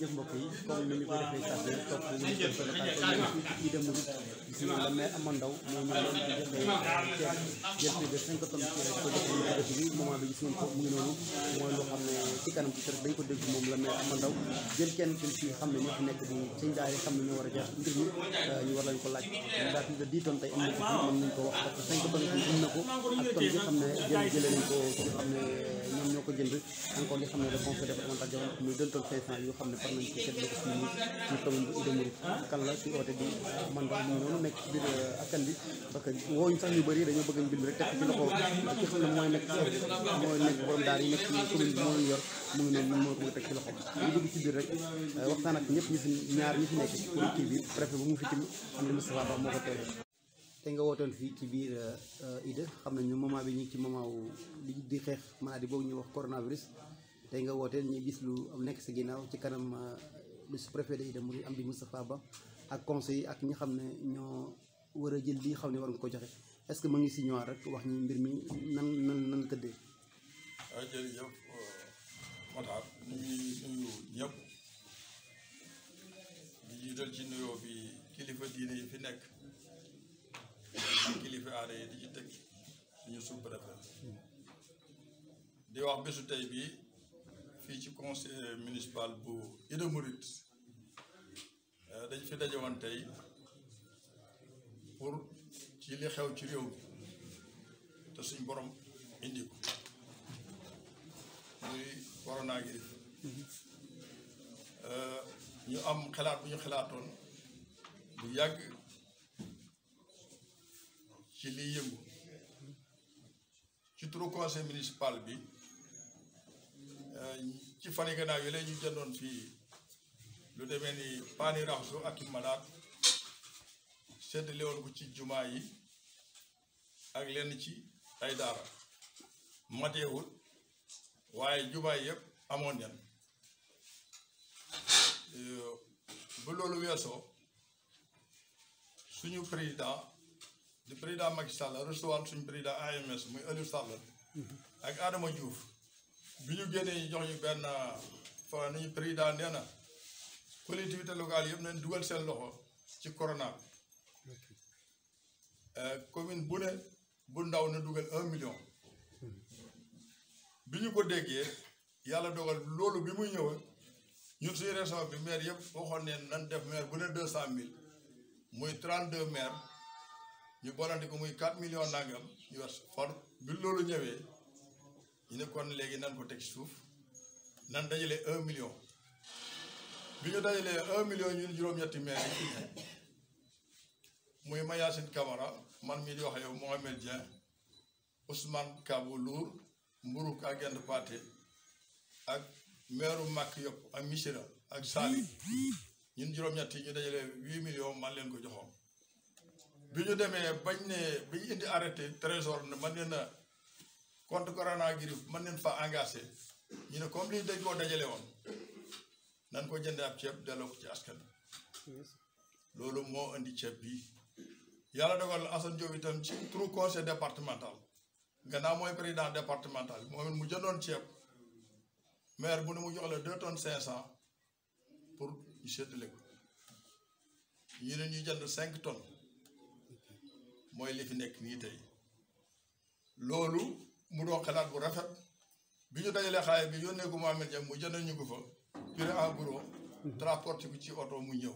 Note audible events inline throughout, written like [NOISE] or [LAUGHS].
jëf mbokk yi comme ni ñu ko defee saa su ne topp nañu ko defal fii Ida Mouride gis nañu la maire Amar Ndao moom ñu ngi leen di joxe ceeb jël de cinq tonnes ci rek ko def ñu ko def mu la maire Amar Ndao jël kenn kenn ci xam ne ñoo fi nekk di sëñ daal yi xam ne ñoo war a jaar mbir mi euh, ñu war lañ ko laaj ndax plus xam ne jël jëlee xam ne ñoom ñoo xam ne le conseil xam ne xam nañ ko seetlu ko suñu suñu commune kan la suñu oote di man daal ñu noonu nekk ci biir euh, askan bi parce que woowuñ sax ñu bëri dañoo bëgg a mi rek teg ci loxo ki xam ne mooy nekk mooy nekk bi mu ngi noonu moo ko loxo ci biir rek euh, waxtaan ak ñëpp ñu fi ñaar ñu fi nekk pour kii bi préfet bu mu fi tim am na Moustapha Ba moo ko teewee te nga wootoon fii ci biir euh, Ida xam ñu moment bi ñu ngi ci moment wu di xeex maladie boobu ñuy wax coronavirus tey nga wooteel ñu gis lu nekk si ginnaaw ci kanam euh, le sous-préfet de Ida Mouride Amdi Moustapha Ba ak conseil ak ñi xam ne ñoo war a jël li xam ne war nga ko joxe est-ce que mu ngi si ñëwaat rek wax ñu mbir mi nan nan nan tëddee. waaw ah, jërëjëf euh, Matar ñu ngi nuyu di bi kilifa diine fi nekk hmm. wax bésu tey bii. fii ci conseil municipal bu Ida Mouride euh, dañ fi dajewoon tey pour ci li xew ci réew mi te suñ borom indi ko muy corona gi euh, ñu am xalaat bu ñu xalaatoon bu yàgg ci liy yëngu ci turu conseil municipal bi Euh, ci fan yi gannaaw yi la jëndoon fii lu demee ni paani raxsu ak i malaat séddale woon ci jumaa yi ak lenn ci ay daara mateewul waaye jubaa yi yëpp amoon nen euh, bu loolu weesoo suñu président di président Macky Sall recevoir suñu président AMS muy Aliou Sall ak Adama juuf bi ñu génnee ñu jox ñu benn fa ni président nee na collectivité locale yëpp nañ dugal seen loxo ci corona bi euh, commune bu ne bu ndaw na dugal un million bi ñu ko déggee yàlla dogal loolu bi muy ñëw ñu suñu région bi maire yëpp waxoon ne nan def maire bu ne deux cent mill muy trente deux maire ñu bonante ko muy quatre million nangam ñu war far bi loolu ñëwee ñu ne kon léegi nan ko teg suuf nan dajale un million bi ñu dajale un million ñu juróom-ñetti maire yi muy Mayacine Camara man mii di wax yow Mohamed Dieng Ousmane Kabo Lour Mburuk ak Gendé Paté ak maire Mak Yop ak Missira ak Sali ñun juróom-ñett yi ñu dajalee huit millions man leen ko joxoon bi ñu demee bañ ne bi indi arrêté trésor ne man compte coronavirus mën nañ fa engagé ñu ne comme lii dañ koo dajale woon nan ko jënd ab ceeb delloo ko ci askan loolu moo indi ceeb bi yàlla dogal Assane Diop itam ci trou conseil départemental gannaaw mooy président départemental moom it mu jëndoon ceeb maire bu ne mu jox la deux tonnes cinq cent pour ñu séddale ko ñu ne ñu jënd cinq tonnes mooy li fi nekk nii tey loolu mu doon xalaat bu rafet bi ñu dajalee xaay bi yónnee ko Mohamed Dieng mu jëndal ñu ko fa prix en gros mhm. transporté bi ci oto mu ñëw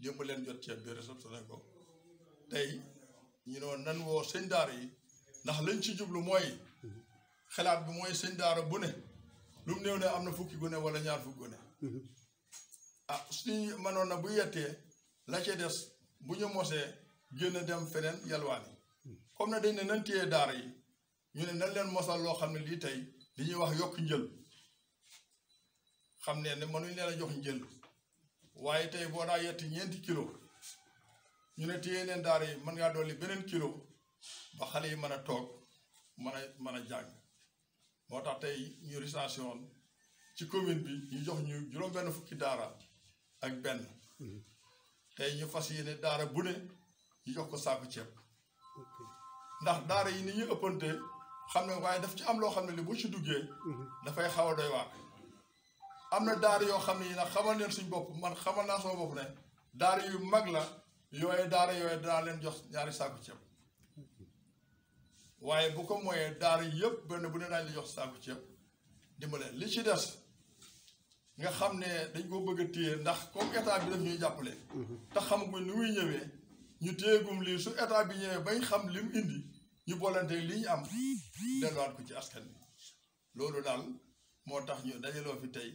démb leen jot ceeb bi réceptionné ko tey ñu noon nan woo sëñ daara yi ndax lañ ci jublu mooy mhm. xalaat bi mooy sëñ daara bu ne lu mu néew ne am na fukki gune wala ñaar fukki gune mhm. ah suñu manoon na bu yettee la ci des bu ñu mosee génn dem feneen yalwaani comme na dañ ne nan téye daara yi ñu ne nan leen mosal loo xam ne lii tey li ñuy wax yokk njël xam ne ne mënuñ leen a jox njël waaye tey boo daa yetti ñeenti kilo ñu ne téye leen daara yi mën ngaa dolli beneen kilo ba xale yi mën a toog mën a mën a jàng moo tax tey ñu recensé ci commune bi ñu jox ñu juróom-benn fukki daara ak benn mhm. tey ñu fas yéene daara bu ne ñu jox ko saaku ceeb ndax daara yi ni ñu ëppante xam ne waaye daf ci am loo xam ne li bu ci duggee. Mhm. dafay xaw a doy waar. am na daar yoo xam ne yi nag xamal leen suñ bopp man xamal naa sama bopp ne daar yu mag la yooyu daara yooyu danaa leen jox ñaari saaku ceeb waaye bu ko mooyee daara yëpp benn bu ne daañu la jox saaku ceeb dimbale li ci des nga xam ne dañ koo bëgg a téye ndax comme état bi daf ñuy jàppale. Mhm. te xamaguñ ni muy ñëwee ñu téyegum lii su état bi ñëwee bañ xam li indi. ñu boolante li ñu am delluwaat ko ci askan bi loolu daal moo tax ñu dajaloo fi tey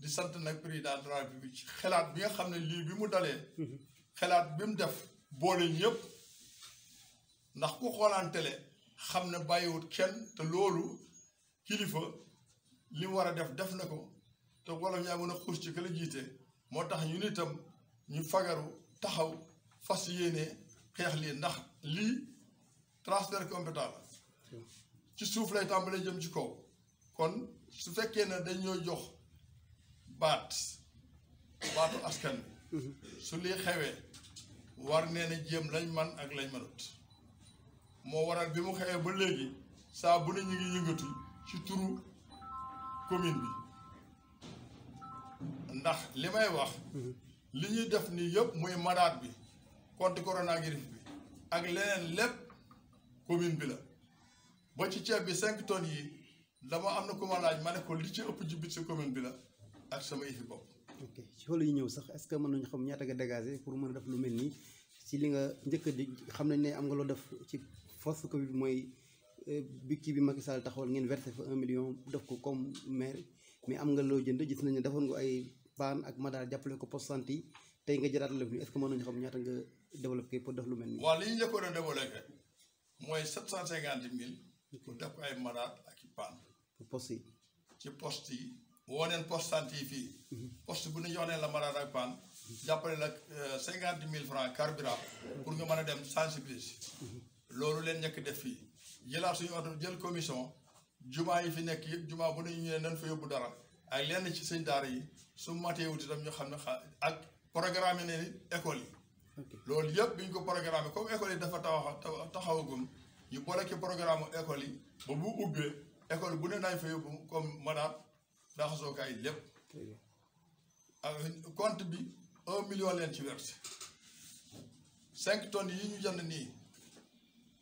di sant nag président de la République xelaat bi nga xam ne lii bi mu dalee xelaat bi mu def boole ñëpp ndax ku xoolaantele xam ne bàyyiwut kenn te loolu kilifa li war a def def na ko te wolof ñaa mën a xuus ci këla jiite moo tax ñu nitam ñu fagaru taxaw fas yéene xeex lii ndax lii transfert compétence ci suuf lay tàmbalee jëm ci kaw kon su fekkee ne dañ ñoo jox baat baatu askan bi su lii xewee war nee na jéem lañ man ak lañ manut moo waral bi mu xewee ba léegi saa bu ne ñu ngi yëngatu ci turu commune bi ndax li may wax li ñuy def nii yëpp muy madaat bi contre coronavirus bi ak leneen lépp commune bi la ba ci ceeb bi cinq tonnes yi dama am na ku ma laaj ma li ci ëpp ji si commune bi la ak sama yëfi bopp. ok ci loolu yi ñëw sax est-ce que mën nañu xam ñaata nga dégager pour mën a def lu mel nii ci li nga njëkk di xam nañ ne am nga loo def ci force Covid mooy euh, bi kii bi Macky Sall taxawal ngeen versé million def ko comme maire mais am nga loo jënd gis nañ ne defoon nga ay baan ak madaar jàppale ko poste santé yi tey nga jëlaat lu mel nii est-ce que mën nañu xam ñaata nga pour def lu mel nii. waaw li ñu njëkkoon a développé. mooy sept cent cinquante mille. pour def ko ay maraat ak i paan. pour yi. ci poste yi. woo neen poste santé yi fii. post bu ñu yoonee neen la maraat ak paan. jàppale la euh, cinquante mille francs carburant pour nga mën a dem san sensibiliser. loolu leen njëkk def fii jëlaat suñu oto jël commission jumaa yi fi nekk yëpp jumaa bu ne ñu ne nañ fa yóbbu dara ak lenn ci sëñ daara yi su matee wuti itam ñu xam ne xa ak programme ne école yi. loolu yëpp bi ñu ko programme comme école yi dafa taxaw taxawagum ñu boole ci programme école yi ba bu ubbee école bu ne nañ fa yóbbu comme madame daxasookaay lépp ak compte bi un million leen ci verse cinq tonnes yi ñu jënd nii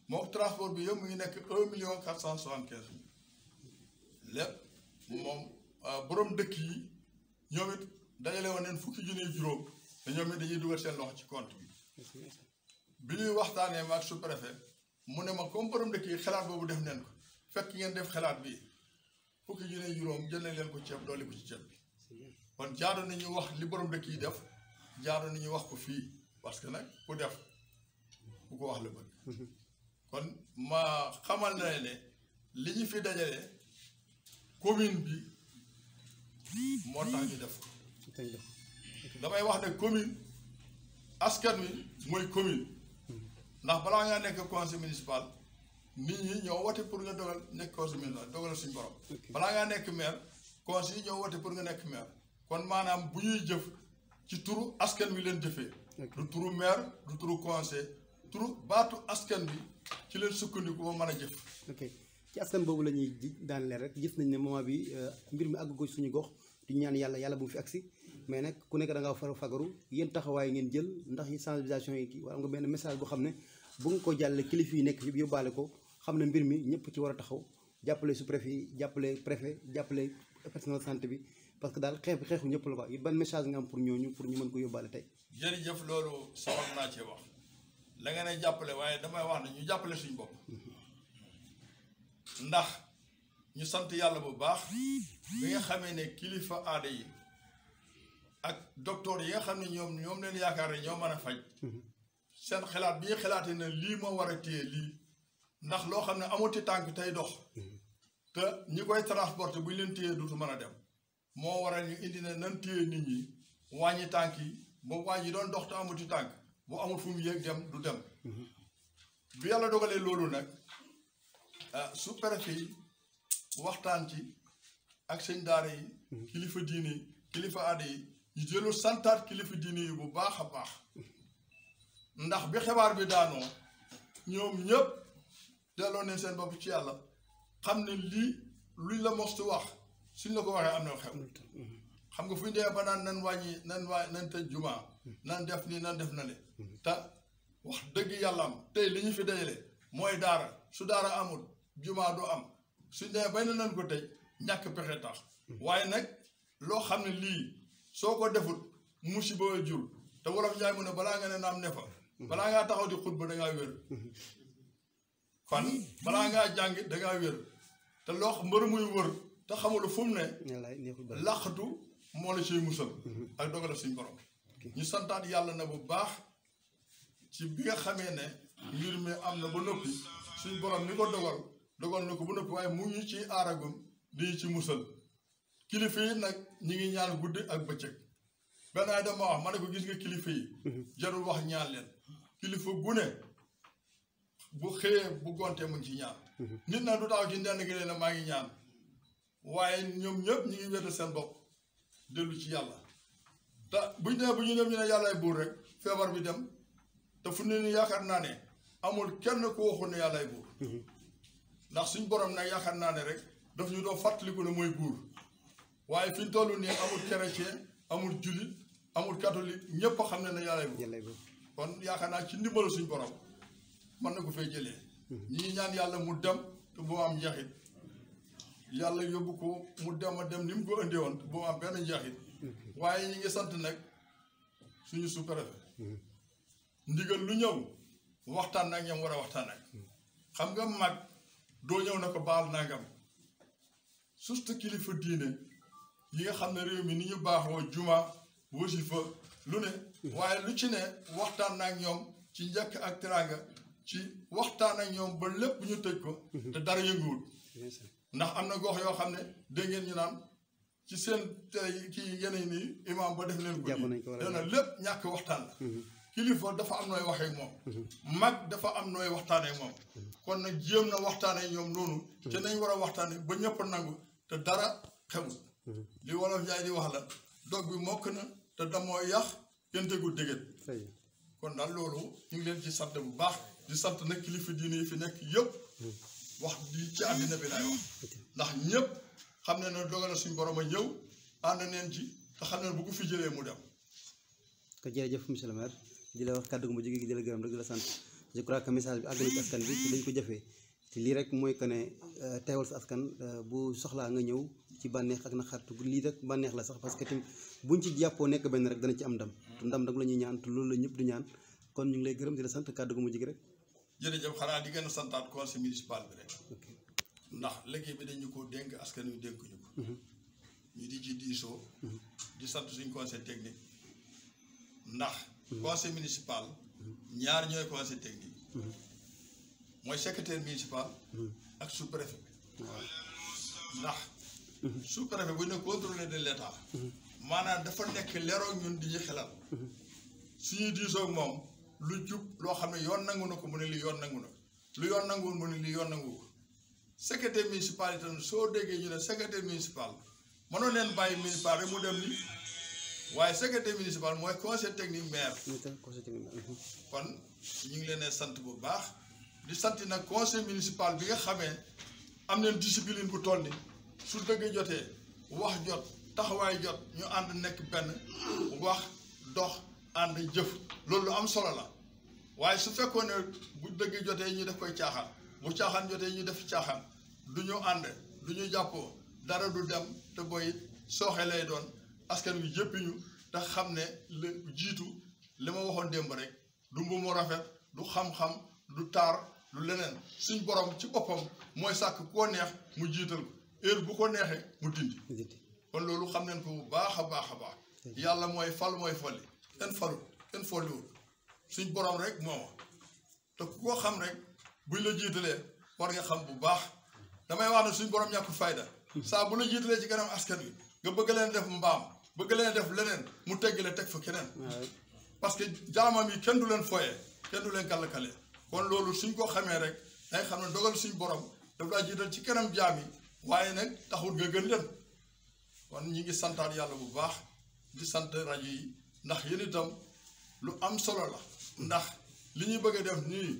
moo transport bi yëpp mu ngi nekk un million quatre cent soixante quinze lépp moom ah, borom dëkk yi ñoom it dajale woon neen fukki juróom te ñoom it dañuy dugal seen loxo ci compte bi bi ñuy waxtaanee ma ak sous-préfet mu ne ma comme borom dëkk yi xalaat boobu def neen ko fekk ngeen def xalaat bi fukki junne juróom jël nañ leen ko ceeb doole ko ci ceeb bi kon jaaro jaadu nañu wax li borom dëkk yi def jaadu nañu wax ko fii parce que nag ku def ku ko wax la bëgg kon ma xamal na ne li ñu fi dajale commune bi moo tax ñu def ko damay wax ne commune askan wi mooy commune ndax balaa ngaa nekk conseil municipal nit ñi ñoo wote pour nga dogal nekk conseil municipal dogal suñu borom. balaa ngaa nekk maire conseil yi ñoo wote pour nga nekk maire kon maanaam bu ñuy jëf ci turu askan wi leen jëfee. du turu maire du turu conseil turu baatu askan bi ci leen sukkandiku ba mën a jëf. ok ci askan boobu la ñuy ji daaneel rek gis nañ ne moment bi euh, mbir mi àgg ko suñu gox di ñaan yàlla yàlla bu mu fi agsi mais nag ku nekk da ngaa far fagaru yéen taxawaay ngeen jël ndax yi sensibilisation yi kii wala am nga benn message boo xam ne bu nga ko jàlle kilifa yi nekk yëpp yóbbaale ko xam ne mbir mi ñëpp ci war a taxaw jàppale sous préfet yi jàppale préfet jàppale personnel santé bi parce que daal xeex bi xeexu ñëpp la quoi yi ban message nga am pour ñooñu pour ñu mën ko yóbbaale tey jërëjëf loolu sawar naa cee wax la nga ne jàppale waaye damay wax ne ñu jàppale suñu bopp [LAUGHS] ndax ñu yàlla bu baax bi ne kilifa aada yi ak docteur yi nga xam ne ñoom ñoom leen yaakaar ne ñoo mën a faj seen xalaat bi ñu xalaatee ne lii moo war a téye lii ndax loo xam ne amuti tànk tey dox te ñi koy transporté bu ñu leen téyee duutu mën a dem moo waral ñu indi ne nan téye nit ñi wàññi tànk yi ba wàññi doon dox te amuti tànk bu amul fu mu yéeg dem du dem bi yàlla dogalee loolu nag ah, su préfet yi waxtaan ci ak sëñ daara yi hmm. kilifa diine kilifa aada yi ñu jëlu santaat kilifa diine yi bu baax a baax ndax bi xabaar bi daanoo ñoom ñëpp delloo nañ seen bopp ci yàlla xam ne lii luñ la mos wax suñ la ko waxee am na xew xam nga fu ñu dee ba naan nan wàññi nan waa nan tëj jumaa nan def nii nan def na ne te wax dëgg yàlla am tey li ñu fi dajale mooy daara su daara amul jumaa du am suñ dee bay na nan ko tey ñàkk pexe tax waaye nag loo xam ne lii soo ko deful musiba jur te wolof njaay mu ne balaa nga ne naam ne fa balaa ngaa taxaw di xutba dangaa wér fan balaa ngaa jàng dangaa wér te loo mbër muy wër te xamul fu mu ne laqatu moo la ciy musal ak dogalam suñ borom ñu santaat yàlla na bu baax ci bi nga xamee ne ngir mi am na ba noppi suñ borom ni ko dogal dogal na ko ba noppi waaye mu ñu ci aaragum di ci musal kilifa yi nag ñi ngi ñaan guddi ak bëccëg benn ay dama wax ma ne ko gis nga kilifa yi mhm. jarul wax ñaan leen kilifa gune bu xëyee bu gontee mu ci ñaan mhm. nit nag du taxaw ci ndenn gi ne maa ngi ñaan waaye ñoom ñëpp ñi ngi wéetal seen bopp dellu ci yàlla te bu ñu dem buur rek feebar bi dem te fu ne yaakaar naa ne amul kenn ku waxul ne yàllaay buur mhm. ndax suñ borom nag yaakaar naa ne rek daf ñu doo fàttaliku ne mooy buur waaye fi ñu toll nii amul chrétien amul julit amul catholique ñëpp xam ne ne yàlla bu kon yaakaar naa ci ndimbalu suñu borom mën na ko fee jëlee. Hmm. ñi ñaan yàlla mu dem te bu am njeexit yàlla yóbbu ko mu dem a dem ni mu ko indee woon te bu am benn njeexit hmm. waaye ñi ngi nag suñu sous-préfet hmm. lu ñëw waxtaan nag ñoom war a waxtaan ak xam nga mag doo ñëw na ko baal nangam surtout kilifa diine. yi nga xam ne réew mi ni ñu baaxoo juma wasifa lu ne waaye lu ci ne waxtaan na ak ñoom ci njëkk ak teraanga ci waxtaan ak ñoom ba lépp ñu tëj ko te dara yënguwul ndax am na gox yoo xam ne dégg ñu naan ci seen tey kii yeneen nii imaam ba def leen ko dana lépp ñàkk waxtaan la kilifa dafa am nooy waxee moom mag dafa am nooy waxtaanee moom kon nag jéem na waxtaanee ñoom noonu te nañ war a waxtaane ba ñëpp nangu te dara xewul li wolof yaay di wax la dog bi mokk na te damoo yàq kenn tegul dégét kon daal loolu ñu ngi leen ci sant bu baax di sant nag kilifa diine yi fi nekk yëpp hmm. wax di ci àddina bi laay wax ndax ñëpp xam ne na dogal na suñu borom a ñëw ànd neen ci te xam ne bu ko fi jëlee mu dem ko jërëjëf monsieur le maire di wax kàddu gu mu jóge gi di la gërëm rek di la sant je crois que message bi àgg na ci askan bi ci dañ ko jëfee lii rek mooy que ne euh, teewal sa askan euh, bu soxlaa nga ñëw ci bànneex ak na xartu lii rek bànneex la sax parce que tamit buñ ci jàppoo nekk benn rek dana ci am ndam te mm. ndam rek la ñuy ñaan te loolu la ñëpp di ñaan kon ñu ngi lay gërëm di la sant kàdd gu mujj gi rek. jërëjëf xanaa di gën a santaat conseil municipal bi rek. ndax liggéey bi dañu ko dénk askan wi dénk ñu ko. Mm-hmm. ñu di ci diisoo. Mm-hmm. di sant suñ conseil technique. ndax mm-hmm. conseil municipal. ñaar ñooy conseil technique. mooy secrétaire municipal. Hmm. ak sous préfet. ndax. Hmm. sous préfet bu ñu ne contrôleur de l' état. Hmm. maanaam dafa nekk leroog ñun di ñu xelal. suñuy diisoo moom lu jub loo xam ne yoon nangu na ko mu ne li yoon nangu na lu yoon nanguwul mu li yoon nangu ko secrétaire municipal itam soo déggee ñu ne secrétaire municipal mënoo leen bàyyi municipal rek mu dem ni waaye secrétaire municipal mooy conseil technique maire. kon ñu ngi leen sant bu baax. di sant nag conseil municipal bi nga xamee am nañ discipline bu toll ni su dëgg jotee wax jot taxawaay jot ñu ànd nekk benn wax dox ànd jëf loolu am solo la waaye su fekkoon ne bu dëgg jotee ñu def koy caaxaan bu caaxaan jotee ñu def caaxaan du ñu ànd du ñu jàppoo dara du dem te booy sooxe lay doon askan wi yëpp ñu te xam ne jiitu li ma waxoon démb rek du mbuumu rafet du xam-xam. du taar lu leneen suñ borom ci boppam mooy sàkk koo neex mu jiital ko heure bu ko neexee mu dindi kon loolu xam nañ ko bu baax a baax a baax yàlla mooy fal mooy folli kenn falu kenn folliwul suñ borom rek mooma te ku ko xam rek buñ la jiitalee war nga xam bu baax damay wax ne suñ borom ñàkk fayda hmm. saa bu la jiitalee ci kanam askan wi nga bëgg leen def mbaam bëgg leen def leneen mu tegg la teg fa keneen parce que jaamam yi kenn du leen foyee kenn du leen kàllakale kon loolu suñ koo xamee rek day xam ne dogal suñ borom daf laa jiital ci kanam jaam yi waaye nag taxul nga gën leen kon ñi ngi santaat yàlla bu baax di sant rajo yi ndax yéen itam lu am solo la ndax li ñuy bëgg a def nii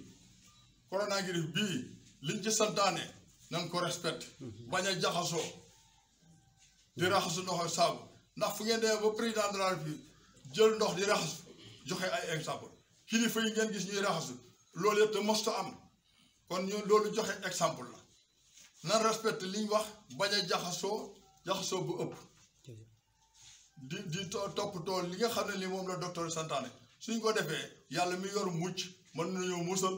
coronavirus bii liñ ci santaane nañ ko respecté bañ a jaxasoo di raxasu ndox saabu ndax fu ngeen demee ba président de la République jël ndox di raxasu joxe ay exemple kilifa yi ngeen gis ñuy raxasu loolu yëpp te mosta am kon ñu loolu joxe exemple la na respecté liñ wax bañ a jaxasoo jaxasoo bu ëpp di di toppatoo li nga xam ne li moom la docteur santaane suñ ko defee yàlla mi yor mucc mën ñëw musal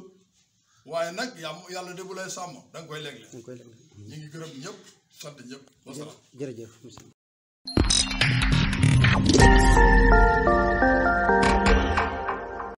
waaye nag yàlla de bu lay sàmm da nga koy léeg-léeg ñu ngi gërëm ñëpp sant ñëpp wasalaam jërëjëf